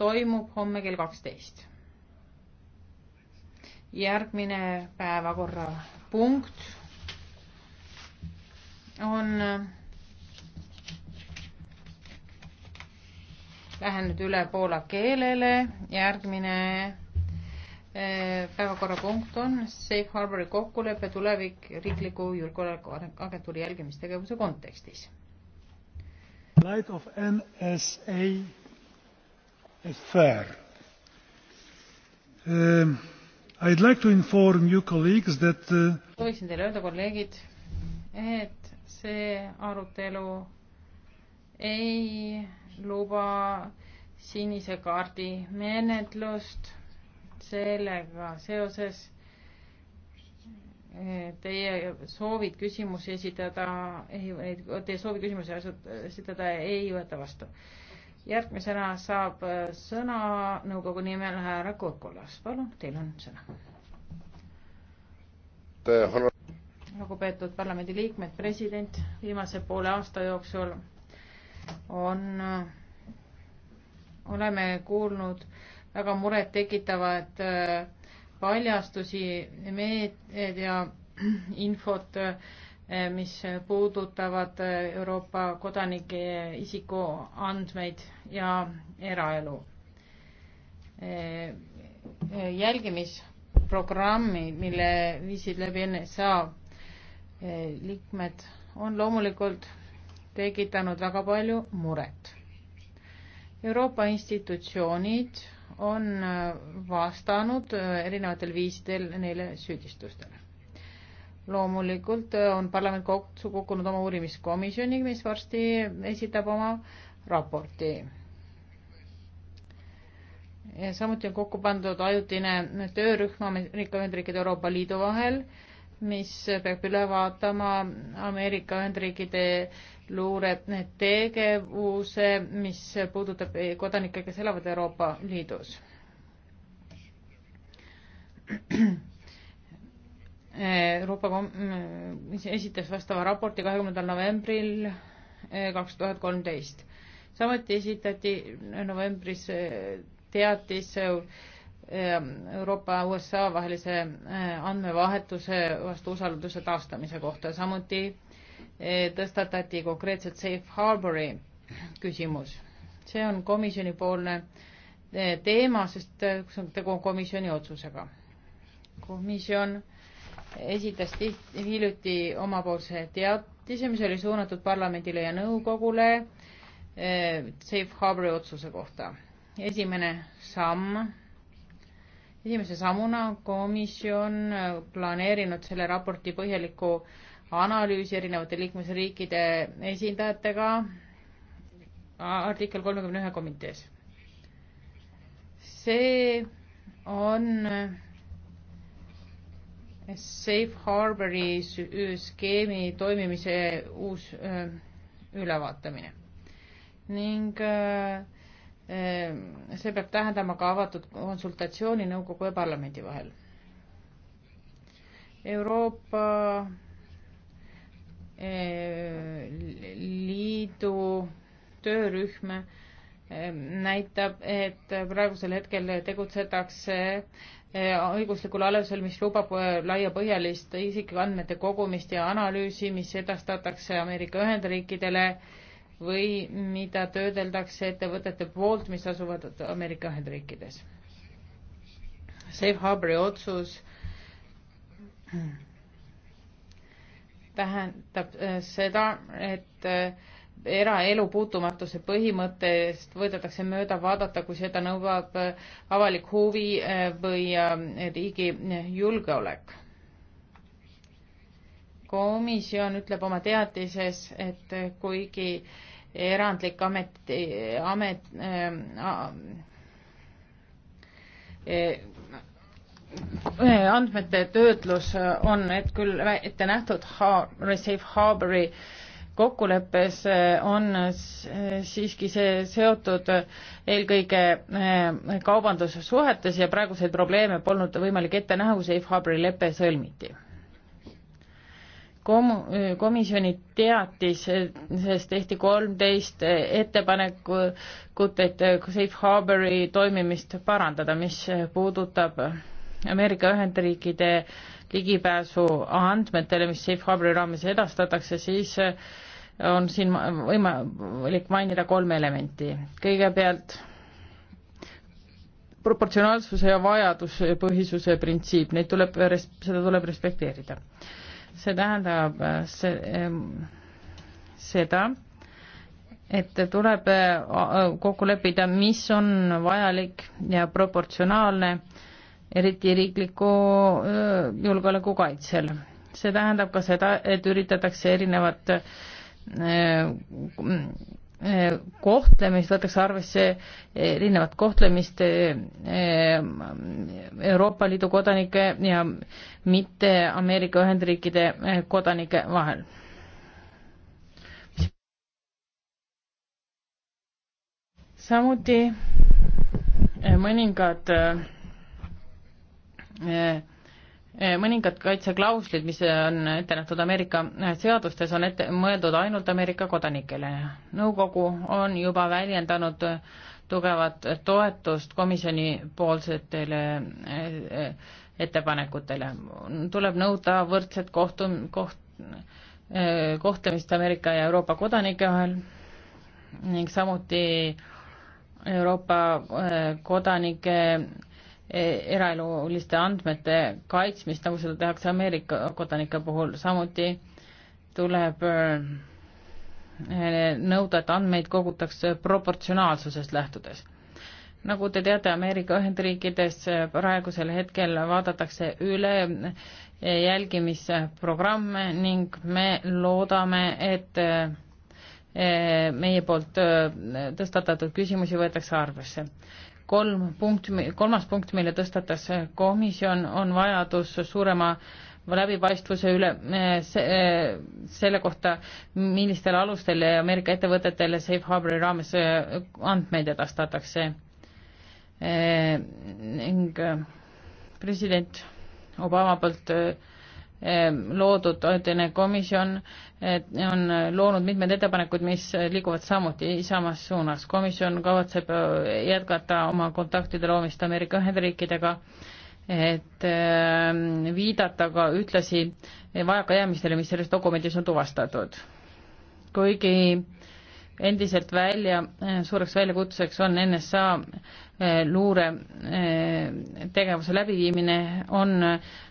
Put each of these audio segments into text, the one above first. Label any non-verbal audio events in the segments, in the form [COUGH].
toimub homme kell kaksteist. järgmine päevakorrapunkt on Lähen nüüd üle poola keelele, järgmine eh, päevakorrapunkt on Safe Harbori kokkulepe tulevik riikliku julgeolekuagentuuri jälgimistegevuse kontekstis. Light of NSA fair. Uh, I'd like to inform you colleagues that uh, sooviksin teile öelda, kolleegid, et see arutelu ei luba sinise kaardi menetlust sellega seoses eh, teie soovid küsimusi esitada, ei, teie soovi küsimusi esitada ei võeta vastu järgmisena saab äh, sõna nõukogu nimel härra Kurkulas, palun, teil on sõna. lugupeetud parlamendiliikmed, president, viimase poole aasta jooksul on, äh, oleme kuulnud väga murettekitavaid äh, paljastusi meedia [CLEARS THROAT] infot äh, Eh, mis puudutavad eh, Euroopa kodanike isikuandmeid ja eraelu. Eh, jälgimisprogrammi, mille viisid läbi NSA liikmed, on loomulikult tekitanud väga palju muret. Euroopa institutsioonid on vastanud erinevatel viisidel neile süüdistustele loomulikult äh, on parlament kokku kukkunud oma uurimiskomisjoni, mis varsti esitab oma raporti. samuti on kokku pandud ajutine töörühm Ameerika Ühendriikide Euroopa Liidu vahel, mis peab üle vaatama Ameerika Ühendriikide luuretegevuse, mis puudutab kodanikke, kes elavad Euroopa Liidus [CLEARS THROAT] Euroopa Kom-, mm, esitas vastava raporti kahekümnendal novembril eh, kaks tuhat kolmteist. samuti esitati novembris eh, teatis eh, Euroopa USA vahelise andmevahetuse vastu usalduse taastamise kohta, samuti tõstatati konkreetselt safe harbori küsimus. see on komisjonipoolne teema, sest see on tegu komisjoni otsusega. komisjon esitas tihti, hiljuti omapoolse teatise, mis oli suunatud parlamendile ja nõukogule eh, Safe Harbori otsuse kohta. esimene samm, esimese sammuna on komisjon eh, planeerinud selle raporti põhjaliku analüüsi erinevate liikmesriikide esindajatega artikkel kolmekümne ühe komitees. see on Safe Harbori skeemi toimimise uus öö, ülevaatamine ning öö, see peab tähendama ka avatud konsultatsiooni nõukogu ja parlamendi vahel. Euroopa öö, Liidu töörühm näitab, et praegusel hetkel tegutsetakse eh, õiguslikul alusel, mis lubab eh, laiapõhjalist isikuandmete kogumist ja analüüsi, mis edastatakse Ameerika Ühendriikidele või mida töödeldakse ettevõtete poolt, mis asuvad Ameerika Ühendriikides. Safe Harbori otsus tähendab eh, seda, et eraelu puutumatuse põhimõttest võidetakse mööda vaadata, kui seda nõuab äh, avalik huvi äh, või äh, riigi julgeolek. komisjon ütleb oma teatises, et kuigi erandlik amet, amet äh, andmete töötlus on et küll ette nähtud ha- safe harbori äh, kokkuleppes eh, on eh, siiski see seotud eelkõige eh, kaubandussuhetes ja praeguseid probleeme polnud võimalik ette näha, kui Safe Harbori lepe sõlmiti. Kom-, komisjoni teatises tehti kolmteist ettepanekut, et Safe Harbori toimimist parandada, mis puudutab Ameerika Ühendriikide ligipääsu andmetele, mis Safe Harbori raames edastatakse, siis äh, on siin võimalik mainida kolme elementi. kõigepealt proportsionaalsuse ja vajaduspõhisuse printsiip, neid tuleb, seda tuleb respekteerida. see tähendab äh, see, ähm, seda, et tuleb äh, kokku leppida, mis on vajalik ja proportsionaalne äh, eriti riikliku julgeoleku kaitsel. see tähendab ka seda, et üritatakse erinevat kohtlemist, võetakse arvesse erinevat kohtlemist Euroopa Liidu kodanike ja mitte Ameerika Ühendriikide kodanike vahel. samuti mõningad Äh, äh, mõningad kaitseklauslid, mis on ette nähtud Ameerika äh, seadustes, on ette mõeldud ainult Ameerika kodanikele. nõukogu on juba väljendanud tugevat toetust komisjoni poolsetele ettepanekutele. tuleb nõuda võrdset kohtum-, koht-, kohtlemist Ameerika ja Euroopa kodanike vahel ning samuti Euroopa kodanike eraeluliste andmete kaitsmist, nagu seda tehakse Ameerika kodanike puhul, samuti tuleb eh, nõuda, et andmeid kogutakse proportsionaalsusest lähtudes. nagu te teate, Ameerika Ühendriikides praegusel hetkel vaadatakse üle jälgimisprogramme ning me loodame, et eh, meie poolt eh, tõstatatud küsimusi võetakse arvesse kolm punkt, kolmas punkt, mille tõstatas komisjon, on vajadus suurema läbipaistvuse üle eh, se, eh, selle kohta, millistel alustel Ameerika ettevõtetele Safe Harbori raames eh, andmeid edastatakse. ning president Obama poolt Ehm, loodud ajutine komisjon on loonud mitmed ettepanekud, mis liiguvad samuti samas suunas. komisjon kavatseb äh, jätkata oma kontaktide loomist Ameerika Ühendriikidega, et ehm, viidata ka ühtlasi vajakajäämistele, mis selles dokumendis on tuvastatud. kuigi endiselt välja, äh, suureks väljakutseks on NSA äh, luure tegevuse läbiviimine, on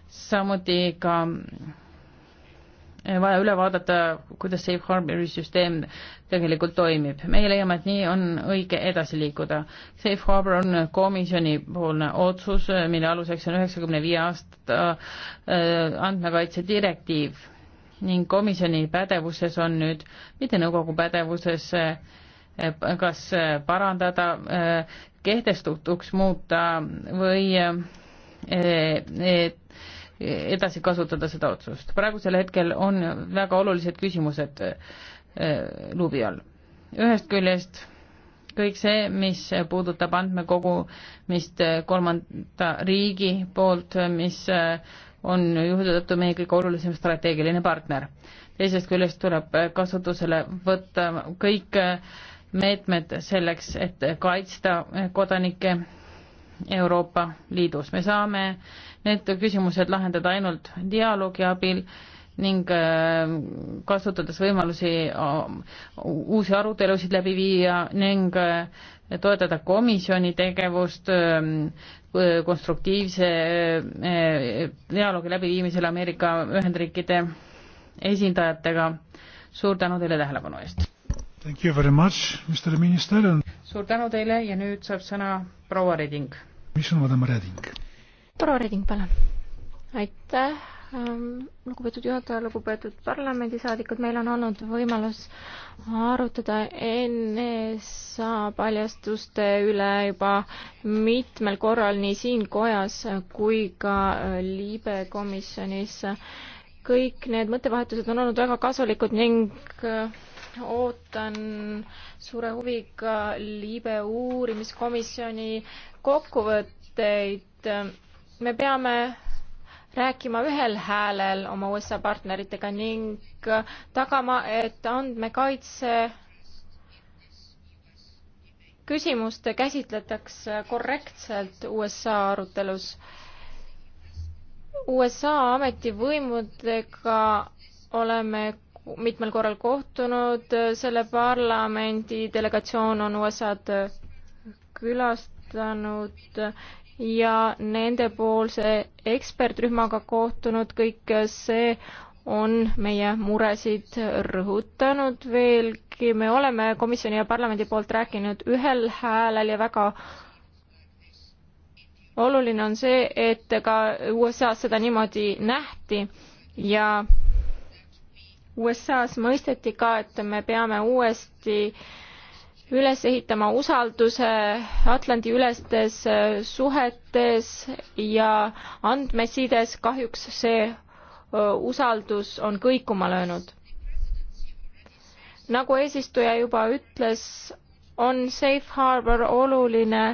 samuti ka vaja üle vaadata, kuidas safe harbori süsteem tegelikult toimib. meie leiame, et nii on õige edasi liikuda. Safe harbor on komisjonipoolne otsus, mille aluseks on üheksakümne viie aasta äh, andmekaitse direktiiv ning komisjoni pädevuses on nüüd, mitte nõukogu pädevuses, äh, kas parandada, äh, kehtestutuks muuta või et edasi kasutada seda otsust. praegusel hetkel on väga olulised küsimused äh, luubi all. ühest küljest kõik see, mis puudutab andmekogumist äh, kolmanda riigi poolt, äh, mis on juhide tõttu meie kõige olulisem strateegiline partner. teisest küljest tuleb kasutusele võtta kõik meetmed selleks, et kaitsta kodanikke Euroopa Liidus. me saame need küsimused lahendada ainult dialoogi abil ning äh, kasutades võimalusi äh, uusi arutelusid läbi viia ning äh, toetada komisjoni tegevust konstruktiivse dialoogi läbiviimisel Ameerika Ühendriikide esindajatega. suur tänu teile tähelepanu eest! Thank you very much, Mr Minister. suur tänu teile ja nüüd saab sõna proua Reding mis on madam Reding? proua Reding, palun. aitäh, ähm, lugupeetud juhataja, lugupeetud parlamendisaadikud, meil on olnud võimalus arutada NSA paljastuste üle juba mitmel korral nii siin kojas kui ka äh, liibe komisjonis. kõik need mõttevahetused on olnud väga kasulikud ning äh, ootan suure huviga liibe uurimiskomisjoni kokkuvõtteid. me peame rääkima ühel häälel oma USA partneritega ning tagama, et andmekaitse küsimust käsitletakse korrektselt USA arutelus. USA ametivõimudega oleme mitmel korral kohtunud, selle parlamendi delegatsioon on USA-d külastanud ja nendepoolse ekspertrühmaga kohtunud, kõik see on meie muresid rõhutanud veelgi, me oleme komisjoni ja parlamendi poolt rääkinud ühel häälel ja väga oluline on see, et ka USA-s seda niimoodi nähti ja USA-s mõisteti ka, et me peame uuesti üles ehitama usalduse Atlandi-ülestes suhetes ja andmesides. kahjuks see usaldus on kõikuma löönud. nagu eesistuja juba ütles, on Safe Harbor oluline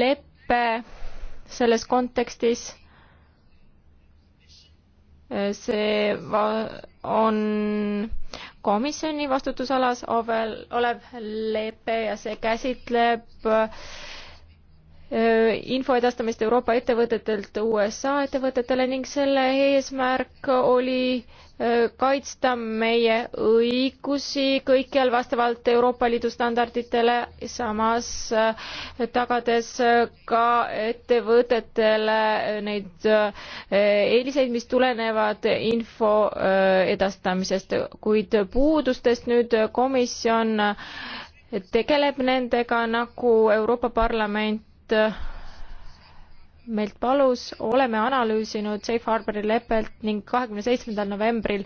lepe selles kontekstis see on komisjoni vastutusalas olev lepe ja see käsitleb äh, info edastamist Euroopa ettevõtetelt USA ettevõtetele ning selle eesmärk oli kaitsta meie õigusi kõikjal vastavalt Euroopa Liidu standarditele, samas eh, tagades eh, ka ettevõtetele eh, neid eeliseid, mis tulenevad info edastamisest, kuid puudustest nüüd komisjon tegeleb nendega, nagu Euroopa Parlament meilt palus, oleme analüüsinud Safe Harbori lepet ning kahekümne seitsmendal novembril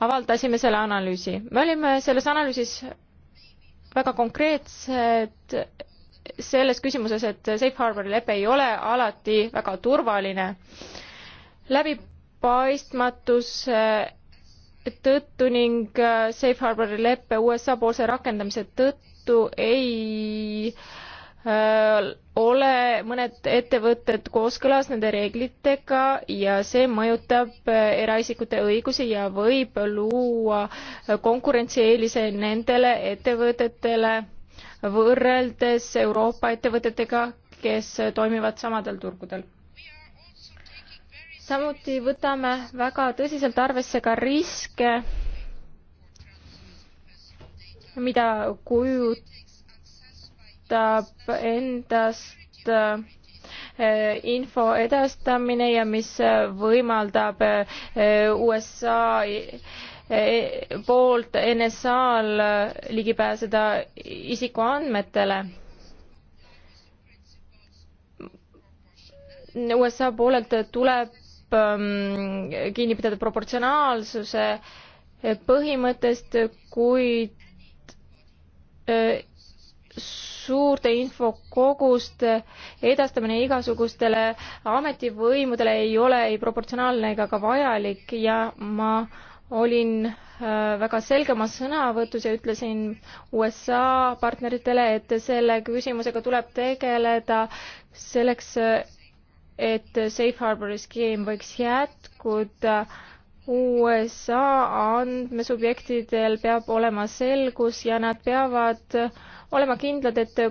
avaldasime selle analüüsi. me olime selles analüüsis väga konkreetsed selles küsimuses, et Safe Harbori lepe ei ole alati väga turvaline. läbipaistmatuse äh, tõttu ning äh, Safe Harbori leppe USA poolse rakendamise tõttu ei äh, Äh, ole mõned ettevõtted kooskõlas nende reeglitega ja see mõjutab äh, eraisikute õigusi ja võib luua äh, konkurentsieelise nendele ettevõtetele võrreldes Euroopa ettevõtetega, kes toimivad samadel turgudel. samuti võtame väga tõsiselt arvesse ka riske, mida kujut-, kujutab endast eh, info edastamine ja mis võimaldab eh, USA eh, poolt NSA-l ligi pääseda isikuandmetele. USA poolelt tuleb ehm, kinni pidada proportsionaalsuse põhimõttest, kuid suurte infokoguste edastamine igasugustele ametivõimudele ei ole ei proportsionaalne ega ka vajalik ja ma olin äh, väga selge oma sõnavõtus ja ütlesin USA partneritele, et selle küsimusega tuleb tegeleda selleks, äh, et safe harbori skeem võiks jätkuda USA andmesubjektidel peab olema selgus ja nad peavad olema kindlad, et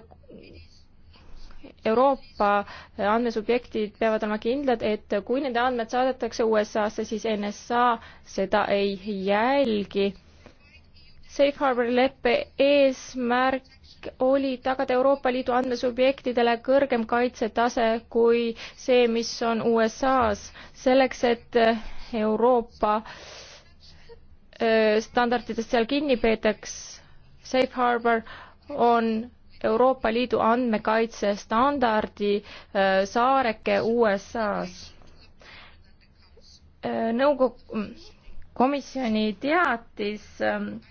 Euroopa andmesubjektid peavad olema kindlad, et kui nende andmed saadetakse USA-sse, siis NSA seda ei jälgi. Safe Harbori leppe eesmärk oli tagada Euroopa Liidu andmesubjektidele kõrgem kaitsetase kui see, mis on USA-s, selleks et Euroopa standarditest seal kinni peetaks. Safe Harbor on Euroopa Liidu andmekaitse standardi saareke USA-s. nõukogu komisjoni teatis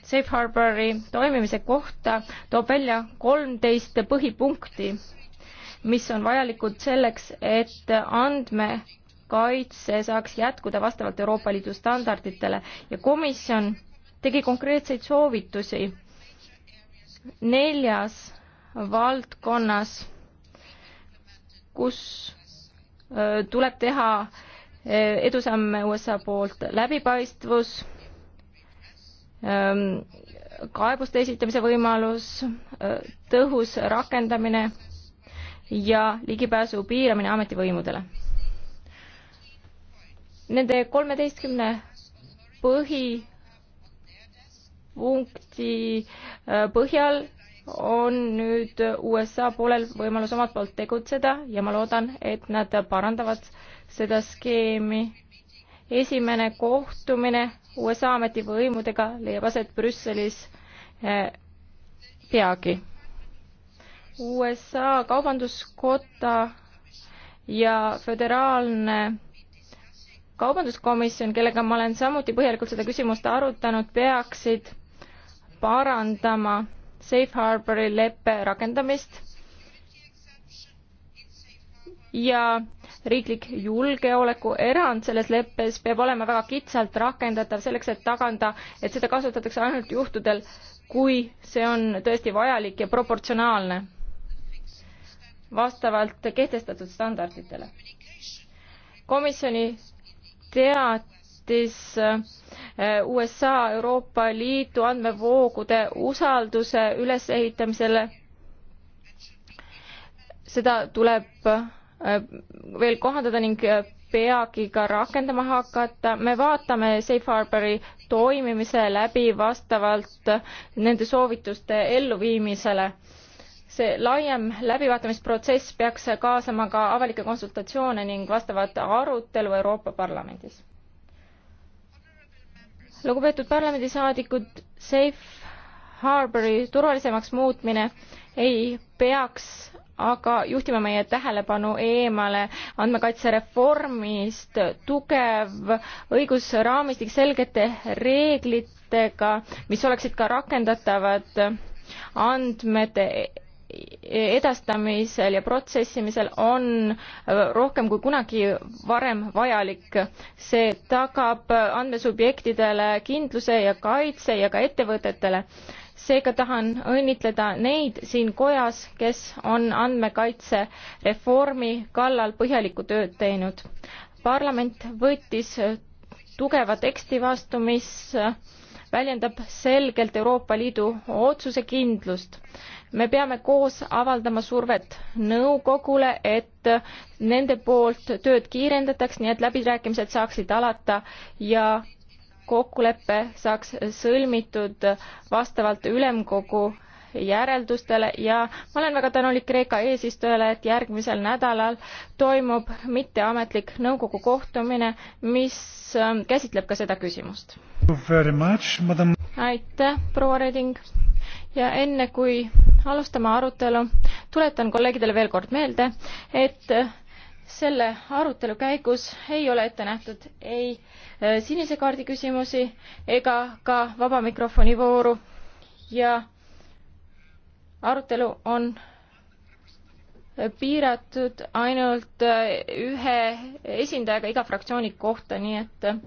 Safe Harbori toimimise kohta toob välja kolmteist põhipunkti, mis on vajalikud selleks, et andme kaitse saaks jätkuda vastavalt Euroopa Liidu standarditele ja komisjon tegi konkreetseid soovitusi neljas valdkonnas, kus tuleb teha edusamme USA poolt läbipaistvus, kaebuste esitamise võimalus, tõhus rakendamine ja ligipääsu piiramine ametivõimudele Nende kolmeteistkümne põhipunkti äh, põhjal on nüüd USA poolel võimalus omalt poolt tegutseda ja ma loodan, et nad parandavad seda skeemi. esimene kohtumine USA ametivõimudega leiab aset Brüsselis äh, peagi. USA kaubanduskotta ja föderaalne kaubanduskomisjon, kellega ma olen samuti põhjalikult seda küsimust arutanud, peaksid parandama Safe Harbori leppe rakendamist ja riiklik julgeolekuerand selles leppes peab olema väga kitsalt rakendatav selleks, et tagada, et seda kasutatakse ainult juhtudel, kui see on tõesti vajalik ja proportsionaalne vastavalt kehtestatud standarditele. komisjoni teatis äh, USA Euroopa Liidu andmevoogude usalduse ülesehitamisele. seda tuleb äh, veel kohandada ning äh, peagi ka rakendama hakata. me vaatame Safe Harbori toimimise läbi vastavalt nende soovituste elluviimisele see laiem läbivaatamisprotsess peaks kaasama ka avalikke konsultatsioone ning vastavat arutelu Euroopa Parlamendis. lugupeetud parlamendisaadikud, Safe Harbori turvalisemaks muutmine ei peaks aga juhtima meie tähelepanu eemale andmekaitsereformist, tugev õigusraamistik selgete reeglitega, mis oleksid ka rakendatavad andmete edastamisel ja protsessimisel on rohkem kui kunagi varem vajalik. see tagab andmesubjektidele kindluse ja kaitse ja ka ettevõtetele. seega tahan õnnitleda neid siin kojas, kes on andmekaitsereformi kallal põhjalikku tööd teinud. parlament võttis tugeva teksti vastu, mis väljendab selgelt Euroopa Liidu otsusekindlust. me peame koos avaldama survet nõukogule, et nende poolt tööd kiirendataks, nii et läbirääkimised saaksid alata ja kokkulepe saaks sõlmitud vastavalt ülemkogu järeldustele ja ma olen väga tänulik Kreeka eesistujale, et järgmisel nädalal toimub mitteametlik nõukogu kohtumine, mis ähm, käsitleb ka seda küsimust. aitäh, proua Reding ja enne kui alustame arutelu, tuletan kolleegidele veel kord meelde, et selle arutelu käigus ei ole ette nähtud ei äh, sinise kaardi küsimusi ega ka vaba mikrofoni vooru ja arutelu on piiratud ainult äh, ühe esindajaga iga fraktsiooni kohta, nii et äh,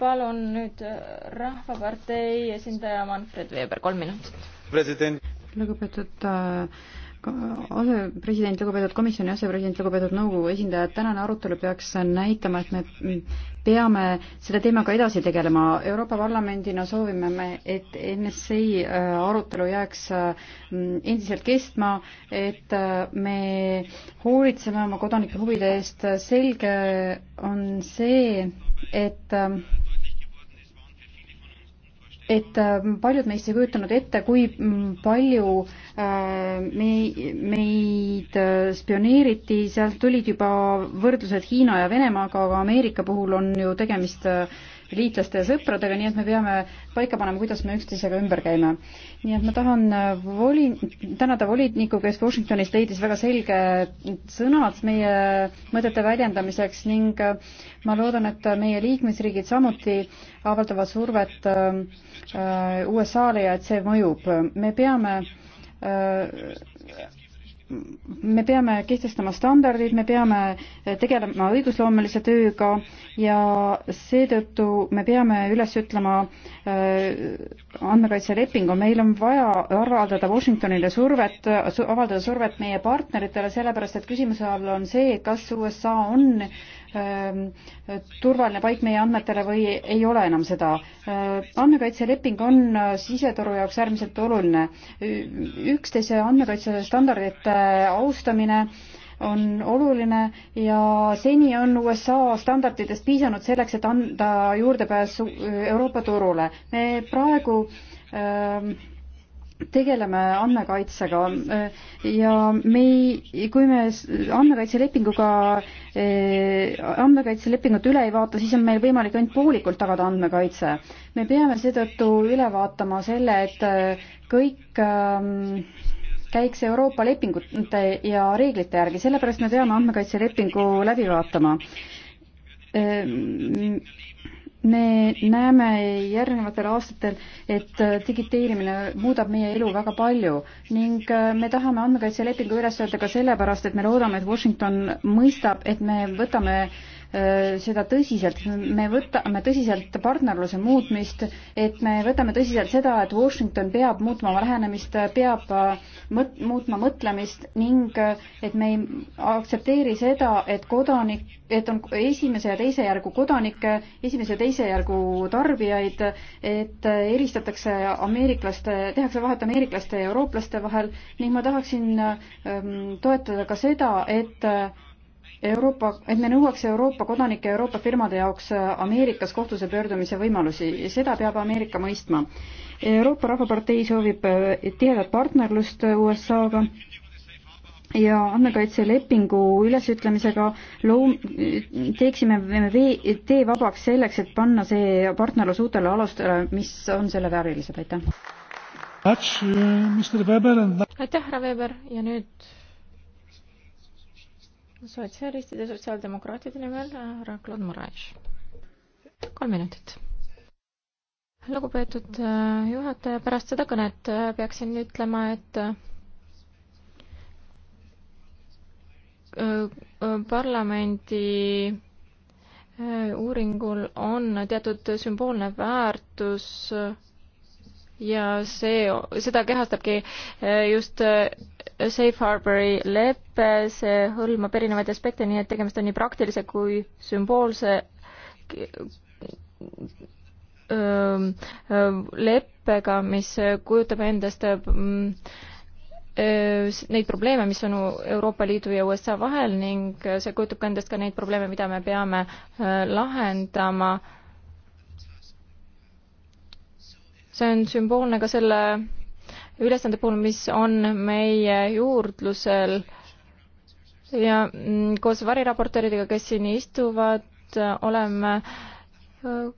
palun nüüd äh, Rahvapartei esindaja Manfred Weber, kolm minutit. lugupeetud äh, asepresident, lugupeetud komisjoni asepresident, lugupeetud nõukogu esindajad, tänane arutelu peaks näitama, et me peame selle teemaga edasi tegelema. Euroopa Parlamendina soovime me, et NSA äh, arutelu jääks äh, endiselt kestma, et äh, me hoolitseme oma kodanike huvide eest. selge on see, et et äh, paljud meist ei kujutanud ette, kui mm, palju äh, me, meid äh, spioneeriti, sealt tulid juba võrdlused Hiina ja Venemaaga, aga Ameerika puhul on ju tegemist liitlaste ja sõpradega, nii et me peame paika panema, kuidas me üksteisega ümber käime. nii et ma tahan äh, voli, tänada volinikku, kes Washingtonis leidis väga selge sõnad meie mõtete väljendamiseks ning äh, ma loodan, et meie liikmesriigid samuti avaldavad survet äh, USA-le ja et see mõjub. me peame me peame kehtestama standardid, me peame tegelema õigusloomelise tööga ja seetõttu me peame üles ütlema äh, andmekaitselepingu, meil on vaja avaldada Washingtonile survet, avaldada survet meie partneritele, sellepärast et küsimuse all on see, kas USA on Ähm, turvaline paik meie andmetele või ei ole enam seda. Äh, andmekaitseleping on äh, siseturu jaoks äärmiselt oluline. üksteise andmekaitsestandardite äh, austamine on oluline ja seni on USA standarditest piisanud selleks, et anda juurdepääs Euroopa turule. me praegu ähm, tegeleme andmekaitsega ja me ei, kui me andmekaitselepinguga, eh, andmekaitselepingut üle ei vaata, siis on meil võimalik ainult poolikult tagada andmekaitse. me peame seetõttu üle vaatama selle, et eh, kõik ähm, käiks Euroopa lepingute ja reeglite järgi, sellepärast me peame andmekaitselepingu läbi vaatama eh, me näeme järgnevatel aastatel, et digiteerimine muudab meie elu väga palju ning äh, me tahame andmekaitselepingu üles öelda ka sellepärast, et me loodame, et Washington mõistab, et me võtame Äh, seda tõsiselt, me võtame tõsiselt partnerluse muutmist, et me võtame tõsiselt seda, et Washington peab muutma oma lähenemist, peab äh, mõt-, muutma mõtlemist ning äh, et me ei aktsepteeri seda, et kodanik, et on esimese ja teise järgu kodanikke, esimese ja teise järgu tarbijaid, et eristatakse ameeriklaste, tehakse vahet ameeriklaste ja eurooplaste vahel ning ma tahaksin ähm, toetada ka seda, et Euroopa, et me nõuaks Euroopa kodanike, Euroopa firmade jaoks äh, Ameerikas kohtuse pöördumise võimalusi, seda peab Ameerika mõistma. Euroopa Rahvapartei soovib äh, tihedat partnerlust äh, USA-ga ja andmekaitselepingu ülesütlemisega loom-, teeksime me vee, tee vabaks selleks, et panna see partnerlus uutele alustele, mis on selle väärilised, aitäh. Uh, aitäh, härra Weber ja nüüd sotsialistide, sotsiaaldemokraatide nimel härra Claude Moraes. kolm minutit lugupeetud äh, juhataja, pärast seda kõnet äh, peaksin ütlema, et äh, parlamendi uuringul on teatud sümboolne väärtus ja see, seda kehastabki eh, just eh, Safe Harbori lepe, see hõlmab erinevaid aspekte, nii et tegemist on nii praktilise kui sümboolse ehm, ehm, leppega, mis kujutab endast ehm, neid probleeme, mis on Euroopa Liidu ja USA vahel ning see kujutab ka endast ka neid probleeme, mida me peame eh, lahendama see on sümboolne ka selle ülesande puhul, mis on meie juurdlusel ja mm, koos variraportööridega, kes siin istuvad, oleme äh,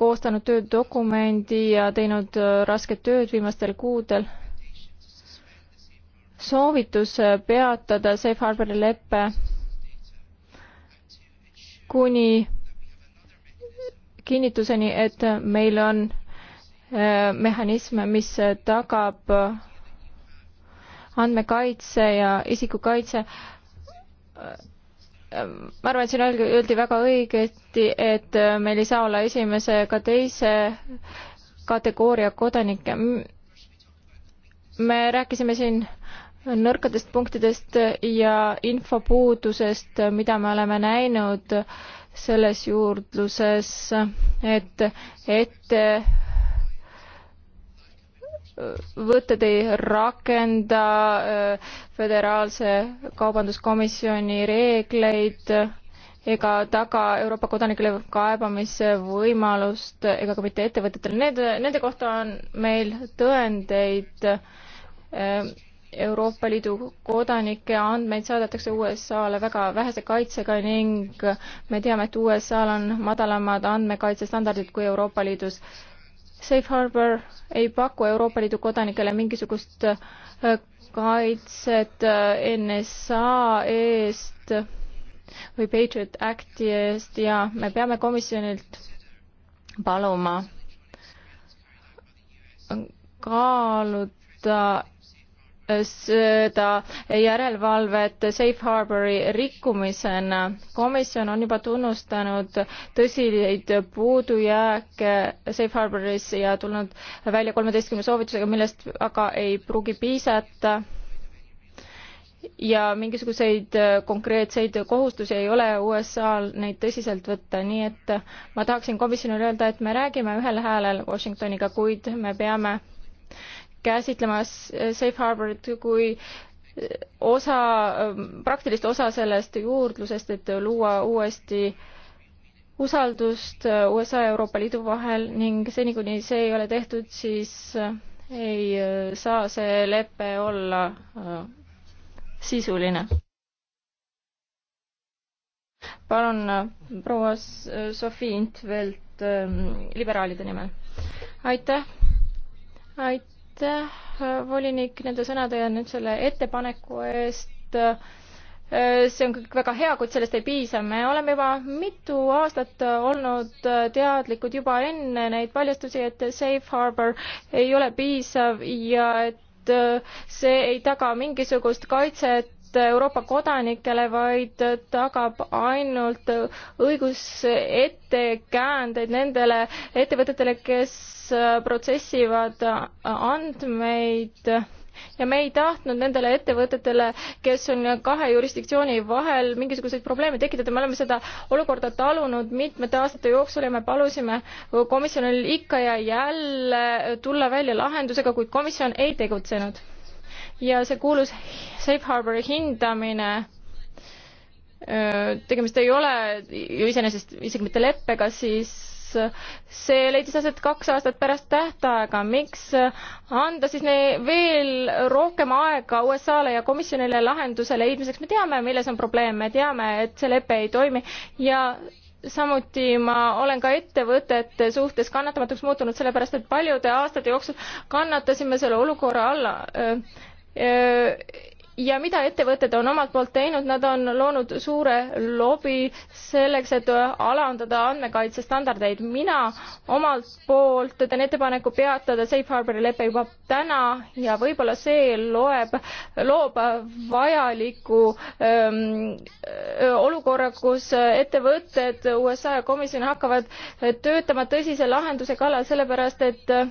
koostanud töödokumendi ja teinud äh, rasket tööd viimastel kuudel. soovitus äh, peatada Safe Harbori lepe kuni kinnituseni, et meil on Äh, mehhanism, mis tagab andmekaitse ja isikukaitse. Äh, ma arvan, et siin öeldi väga õigesti, et äh, meil ei saa olla esimese ega teise kategooria kodanikke. me rääkisime siin nõrkadest punktidest ja infopuudusest, mida me oleme näinud selles juurdluses, et ette võtted ei rakenda äh, föderaalse kaubanduskomisjoni reegleid ega taga Euroopa kodanikele kaebamise võimalust ega ka mitte ettevõtetele. Need, nende kohta on meil tõendeid. Äh, Euroopa Liidu kodanike andmeid saadetakse USA-le väga vähese kaitsega ning me teame, et USA-l on madalamad andmekaitsestandardid kui Euroopa Liidus Safe Harbor ei paku Euroopa Liidu kodanikele mingisugust äh, kaitset äh, NSA eest või Patriot Acti eest ja me peame komisjonilt paluma kaaluda seda järelevalvet Safe Harbori rikkumisena. komisjon on juba tunnustanud tõsiseid puudujääke Safe Harboris ja tulnud välja kolmeteistkümne soovitusega, millest aga ei pruugi piisata ja mingisuguseid konkreetseid kohustusi ei ole USA-l neid tõsiselt võtta, nii et ma tahaksin komisjonile öelda, et me räägime ühel häälel Washingtoniga, kuid me peame käsitlemas Safe Harborit kui osa, praktilist osa sellest juurdlusest, et luua uuesti usaldust USA ja Euroopa Liidu vahel ning seni, kuni see ei ole tehtud, siis ei saa see lepe olla äh, sisuline. palun, äh, proua äh, Sofi Intvelt liberaalide nimel. aitäh, aitäh aitäh, volinik, nende sõnade ja nüüd selle ettepaneku eest. see on kõik väga hea, kuid sellest ei piisa. me oleme juba mitu aastat olnud teadlikud juba enne neid paljastusi, et safe harbor ei ole piisav ja et see ei taga mingisugust kaitset ainult Euroopa kodanikele, vaid tagab ainult õigusettekäändeid nendele ettevõtetele, kes protsessivad andmeid ja me ei tahtnud nendele ettevõtetele, kes on kahe jurisdiktsiooni vahel, mingisuguseid probleeme tekitada, me oleme seda olukorda talunud mitmete aastate jooksul ja me palusime komisjonil ikka ja jälle tulla välja lahendusega, kuid komisjon ei tegutsenud ja see kuulus safe harbori hindamine tegemist ei ole ju iseenesest isegi mitte leppega, siis see leidis aset kaks aastat pärast tähtaega. miks anda siis veel rohkem aega USA-le ja komisjonile lahenduse leidmiseks? me teame, milles on probleem, me teame, et see lepe ei toimi ja samuti ma olen ka ettevõtete suhtes kannatamatuks muutunud, sellepärast et paljude aastate jooksul kannatasime selle olukorra alla ja mida ettevõtted on omalt poolt teinud, nad on loonud suure lobi selleks, et alandada andmekaitsestandardeid. mina omalt poolt teen ettepaneku peatada Safe Harbori lepe juba täna ja võib-olla see loeb, loob vajaliku öö, olukorra, kus ettevõtted USA ja komisjon hakkavad töötama tõsise lahenduse kallal, sellepärast et öö,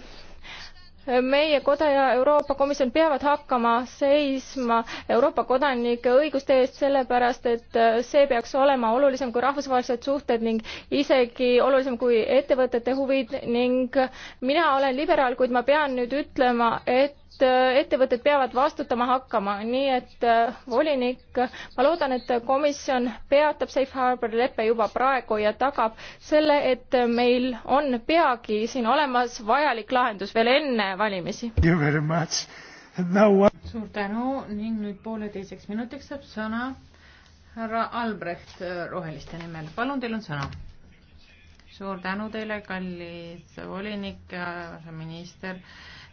meie koda ja Euroopa Komisjon peavad hakkama seisma Euroopa kodanike õiguste eest, sellepärast et äh, see peaks olema olulisem kui rahvusvahelised suhted ning isegi olulisem kui ettevõtete huvid ning mina olen liberaal, kuid ma pean nüüd ütlema, et Äh, ettevõtted peavad vastutama hakkama, nii et äh, volinik, ma loodan, et komisjon peatab Safe Harbor leppe juba praegu ja tagab selle, et meil on peagi siin olemas vajalik lahendus veel enne valimisi. Now... suur tänu ning nüüd pooleteiseks minutiks saab sõna härra Albrecht äh, Roheliste nimel, palun, teil on sõna. suur tänu teile, kallis volinik, minister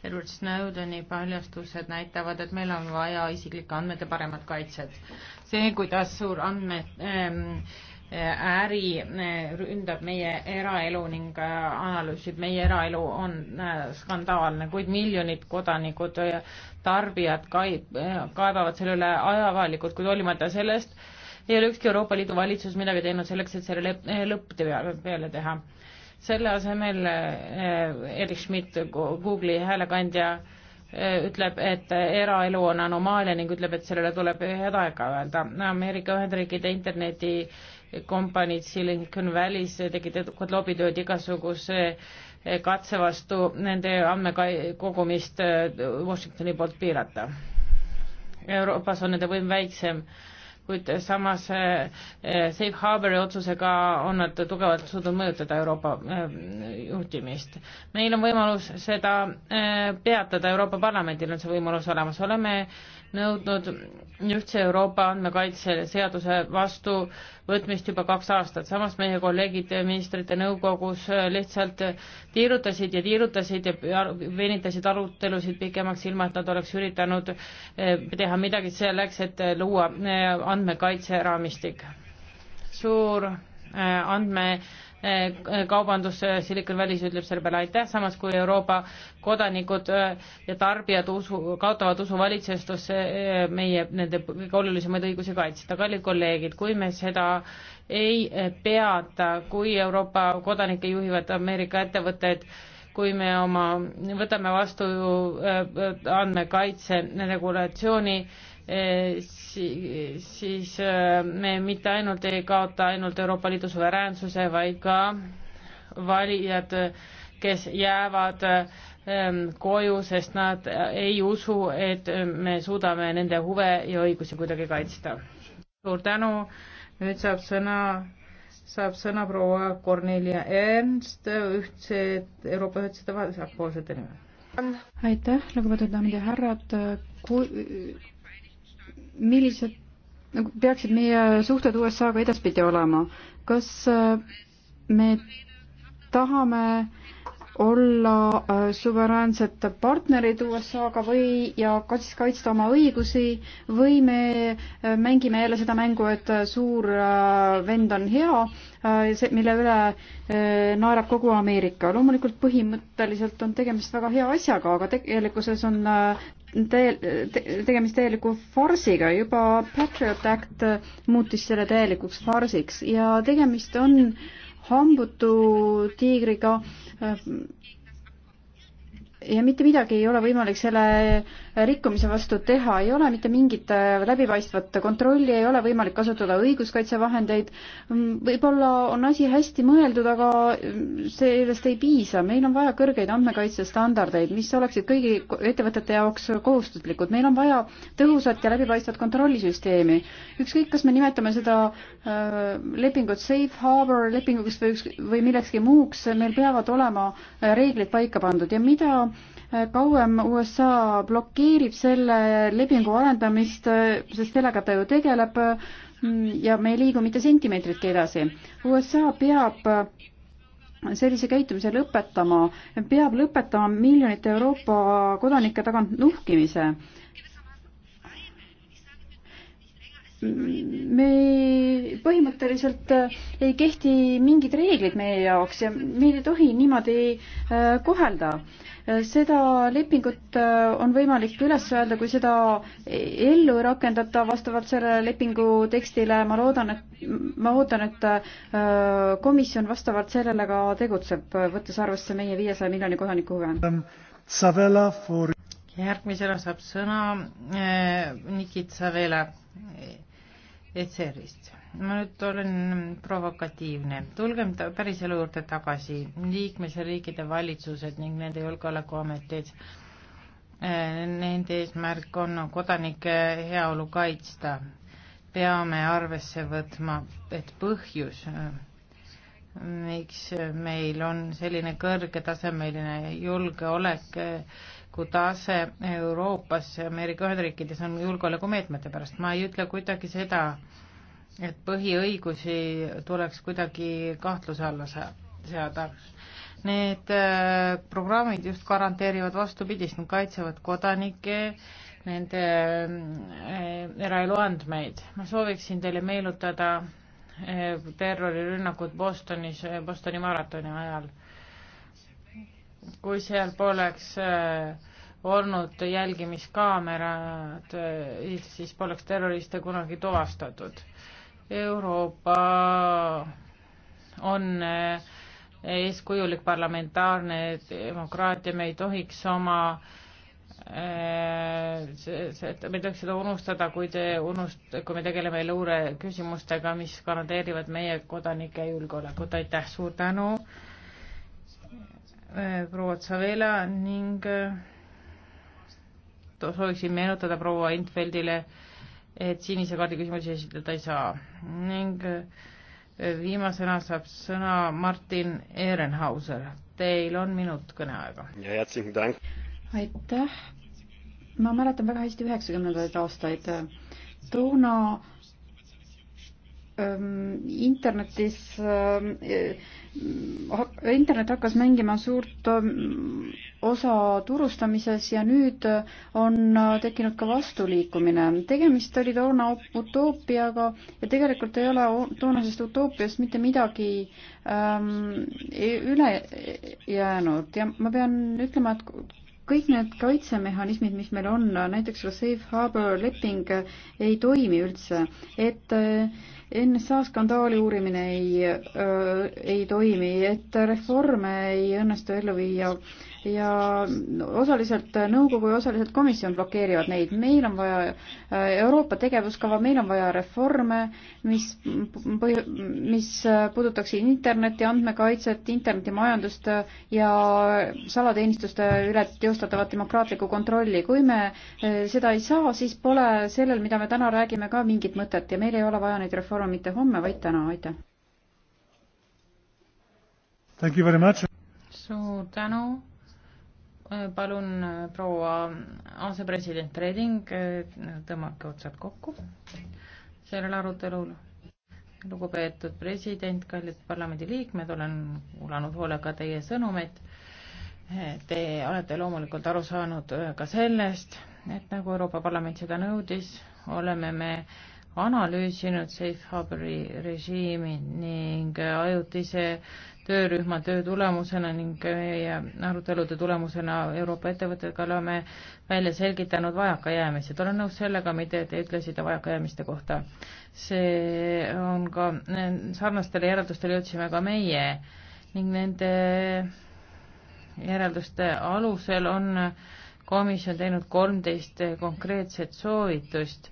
Edward Snowdeni paljastused näitavad, et meil on vaja isiklike andmete paremat kaitset. see, kuidas suur andmed ähm, äri äh, ründab meie eraelu ning äh, analüüsib meie eraelu, on äh, skandaalne, kuid miljonid kodanikud, tarbijad kaib-, kaebavad selle üle ajavahelikult, kuid hoolimata sellest ei ole ükski Euroopa Liidu valitsus midagi teinud selleks, et selle lõpp, lõpp peale teha selle asemel eh, Erich Schmidt, Google'i häälekandja, eh, ütleb, et eraelu on anomaalia ning ütleb, et sellele tuleb head aega öelda. Ameerika Ühendriikide internetikompaniid Silicon Valley's tegid edukat lobitööd igasuguse katse vastu nende andmekogumist eh, Washingtoni poolt piirata. Euroopas on nende võim väiksem kuid samas eh, eh, Safe Harbori otsusega on nad tugevalt suutnud mõjutada Euroopa eh, juhtimist. meil on võimalus seda peatada, Euroopa Parlamendil on see võimalus olemas, oleme nõudnud ühtse Euroopa andmekaitseseaduse vastuvõtmist juba kaks aastat. samas meie kolleegid ministrite nõukogus lihtsalt tiirutasid ja tiirutasid ja venitasid arutelusid pikemaks, ilma et nad oleks üritanud eh, teha midagi selleks, et luua eh, andmekaitseraamistik. suur eh, andme Eh, kaubandus eh, Silicon Valley's ütleb selle peale aitäh, samas kui Euroopa kodanikud eh, ja tarbijad usu, kaotavad usu valitsustusse meie nende kõige olulisemaid õigusi kaitsta. kallid kolleegid, kui me seda ei peata, kui Euroopa kodanikke juhivad Ameerika ettevõtted kui me oma, võtame vastu andmekaitse regulatsiooni, Eh, siis eh, me mitte ainult ei kaota ainult Euroopa Liidu suveräänsuse, vaid ka valijad, kes jäävad ehm, koju, sest nad ei usu, et me suudame nende huve ja õigusi kuidagi kaitsta. suur tänu, nüüd saab sõna, saab sõna proua Kornelia Ernst ühtse Euroopa ühtsete vasakpoolsete nimel. aitäh, lugupeetud daamid ja härrad, kui millised nagu peaksid meie suhted USA-ga edaspidi olema, kas äh, me tahame olla äh, suveräänsed partnerid USA-ga või, ja ka siis kaitsta oma õigusi või me äh, mängime jälle seda mängu, et suur vend on hea, mille üle naerab kogu Ameerika. loomulikult põhimõtteliselt on tegemist väga hea asjaga, aga tegelikkuses on teel te,, tegemist täieliku farsiga, juba Patriot Act muutis selle täielikuks farsiks ja tegemist on hambutu tiigriga. Ehm, ja mitte midagi ei ole võimalik selle rikkumise vastu teha, ei ole mitte mingit äh, läbipaistvat kontrolli, ei ole võimalik kasutada õiguskaitsevahendeid. Mm, võib-olla on asi hästi mõeldud, aga mm, sellest ei piisa, meil on vaja kõrgeid andmekaitsestandardeid, mis oleksid kõigi ettevõtete jaoks kohustuslikud, meil on vaja tõhusat ja läbipaistvat kontrollisüsteemi. ükskõik, kas me nimetame seda äh, lepingut safe harbor lepinguks või üks, või millekski muuks, meil peavad olema äh, reeglid paika pandud ja mida kauem USA blokeerib selle lepingu arendamist, sest sellega ta ju tegeleb ja me ei liigu mitte sentimeetritki edasi. USA peab sellise käitumise lõpetama, peab lõpetama miljonite Euroopa kodanike tagant nuhkimise. me põhimõtteliselt ei kehti mingid reeglid meie jaoks ja meid ei tohi niimoodi äh, kohelda äh, seda lepingut äh, on võimalik üles öelda, kui seda ellu ei rakendata vastavalt sellele lepingu tekstile. ma loodan, et, ma ootan, et äh, komisjon vastavalt sellele ka tegutseb, võttes arvesse meie viiesaja miljoni kodaniku huve. Ähm, Savela for järgmisena saab sõna eh, äh, Nikit Savela ECR-ist. ma nüüd olen provokatiivne. tulgem ta päris elu juurde tagasi. liikmesriikide valitsused ning nende julgeolekuametid, eh, nende eesmärk on kodanike heaolu kaitsta. peame arvesse võtma, et põhjus, eh, miks meil on selline kõrgetasemeline julgeolek, eh, julgeolekutase Euroopas ja Ameerika Ühendriikides on julgeolekumeetmete pärast. ma ei ütle kuidagi seda, et põhiõigusi tuleks kuidagi kahtluse alla seada. Need äh, programmid just garanteerivad vastupidist, nad kaitsevad kodanikke, nende äh, eraelu andmeid. ma sooviksin teile meenutada äh, terrorirünnakut Bostonis, Bostoni maratoni ajal kui seal poleks äh, olnud jälgimiskaamerad, äh, siis poleks terroriste kunagi tuvastatud. Euroopa on äh, eeskujulik parlamentaarne demokraatia, me ei tohiks oma see, see, et me ei tohiks seda unustada, kui te unust-, kui me tegeleme luureküsimustega, mis garanteerivad meie kodanike julgeolekut, aitäh, suur tänu. Eh, proua Tsavela ning eh, sooviksin meenutada proua Intveldile, et sinise kaardi küsimusi esitada ei saa ning eh, viimasena saab sõna Martin Ehrenhauser. Teil on minut kõneaega. aitäh. ma mäletan väga hästi üheksakümnendaid aastaid. toona internetis, e, internet hakkas mängima suurt osa turustamises ja nüüd äh, on äh, tekkinud ka vastuliikumine. tegemist oli toona utoopiaga ja tegelikult ei ole toonasest utoopiast mitte midagi ähm, üle jäänud ja ma pean ütlema, et kõik need kaitsemehhanismid, mis meil on, näiteks ka safe harbor leping ei toimi üldse, et äh, NSA skandaali uurimine ei äh,, ei toimi, et reforme ei õnnestu ellu viia ja osaliselt nõukogu ja osaliselt komisjon blokeerivad neid. meil on vaja Euroopa tegevuskava, meil on vaja reforme, mis põhi, mis puudutaks interneti andmekaitset, internetimajandust ja salateenistuste üle teostatavat demokraatlikku kontrolli. kui me seda ei saa, siis pole sellel, mida me täna räägime, ka mingit mõtet ja meil ei ole vaja neid reforme arvan, mitte homme, vaid täna, aitäh. suur tänu. palun proua asepresident Reding, tõmmake otsad kokku sellel arutelul. lugupeetud president, kallid parlamendiliikmed, olen kuulanud hoolega teie sõnumit. Te olete loomulikult aru saanud ka sellest, et nagu Euroopa Parlament seda nõudis, oleme me analüüsinud safe harbori režiimi ning ajutise töörühma töö tulemusena ning meie arutelude tulemusena Euroopa ettevõtetega oleme välja selgitanud vajakajäämised. olen nõus sellega, mida te ütlesite vajakajäämiste kohta. see on ka, sarnastele järeldustele jõudsime ka meie ning nende järelduste alusel on komisjon teinud kolmteist konkreetset soovitust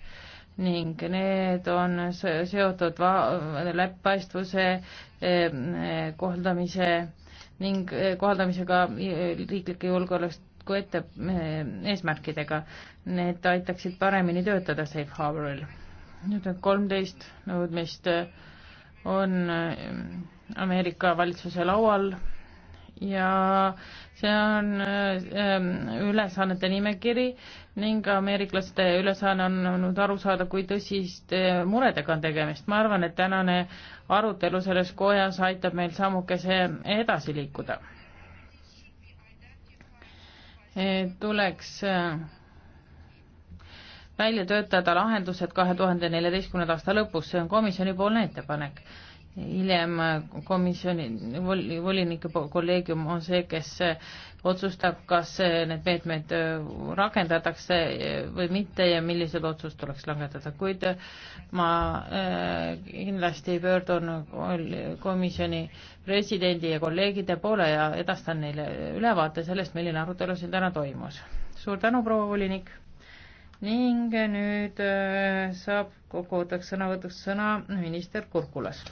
ning need on seotud läbipaistvuse eh, kohaldamise ning eh, kohaldamisega riiklike julgeoleku ette eh, eesmärkidega. Need aitaksid paremini töötada safe harbor'il. nüüd on kolmteist nõudmist on Ameerika valitsuse laual ja see on ähm, ülesannete nimekiri ning ameeriklaste ülesanne on olnud aru saada, kui tõsiste muredega on tegemist. ma arvan, et tänane arutelu selles kojas aitab meil sammukese edasi liikuda. E, tuleks äh, välja töötada lahendused kahe tuhande neljateistkümnenda aasta lõpus, see on komisjonipoolne ettepanek hiljem komisjoni vol, volinike kolleegium on see, kes eh, otsustab, kas eh, need meetmed eh, rakendatakse või mitte ja millised otsused tuleks langetada, kuid ma kindlasti pöördun komisjoni presidendi ja kolleegide poole ja edastan neile ülevaate sellest, milline arutelu siin täna toimus. suur tänu, proua volinik ning nüüd saab kokkuvõtteks sõnavõtuks sõna minister Kurkulas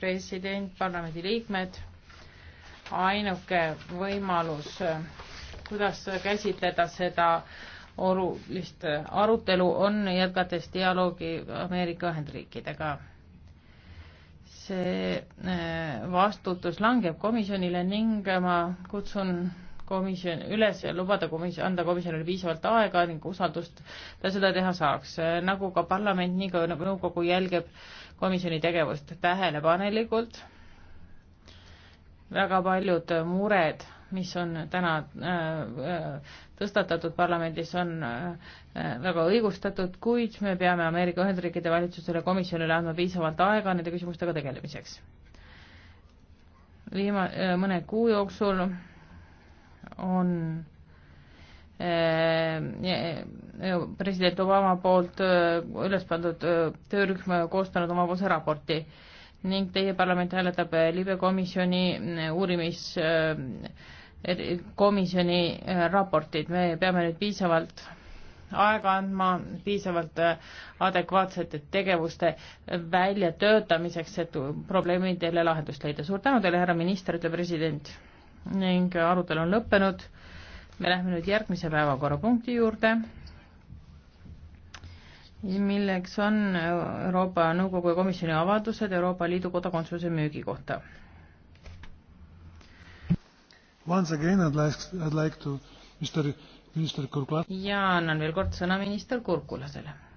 president, parlamendiliikmed, ainuke võimalus, kuidas käsitleda seda olulist arutelu, on jätkates dialoogi Ameerika Ühendriikidega. see äh, vastutus langeb komisjonile ning ma kutsun komisjon üles ja lubada komisjon, anda komisjonile piisavalt aega ning usaldust ta seda teha saaks. Äh, nagu ka parlament, nii ka nõukogu jälgib komisjoni tegevust tähelepanelikult. väga paljud mured, mis on täna äh, äh, tõstatatud parlamendis, on äh, väga õigustatud, kuid me peame Ameerika Ühendriikide valitsusele, komisjonile andma piisavalt aega nende küsimustega tegelemiseks. viima-, mõne kuu jooksul on Ehm, eh, eh, president Obama poolt eh, üles pandud töörühm koostanud omapoolse raporti ning teie parlament hääletab libe komisjoni uurimiskomisjoni raportit. me peame nüüd piisavalt aega andma, piisavalt adekvaatsete tegevuste väljatöötamiseks, et probleemidele lahendust leida. suur tänu teile, härra minister, ütleb president ning arutelu on lõppenud me lähme nüüd järgmise päevakorrapunkti juurde, milleks on Euroopa Nõukogu ja Komisjoni avaldused Euroopa Liidu kodakondsuse müügi kohta. Once again I'd like, I'd like to Mr, Mr Kurkula. ja annan veel kord sõna minister Kurkulasele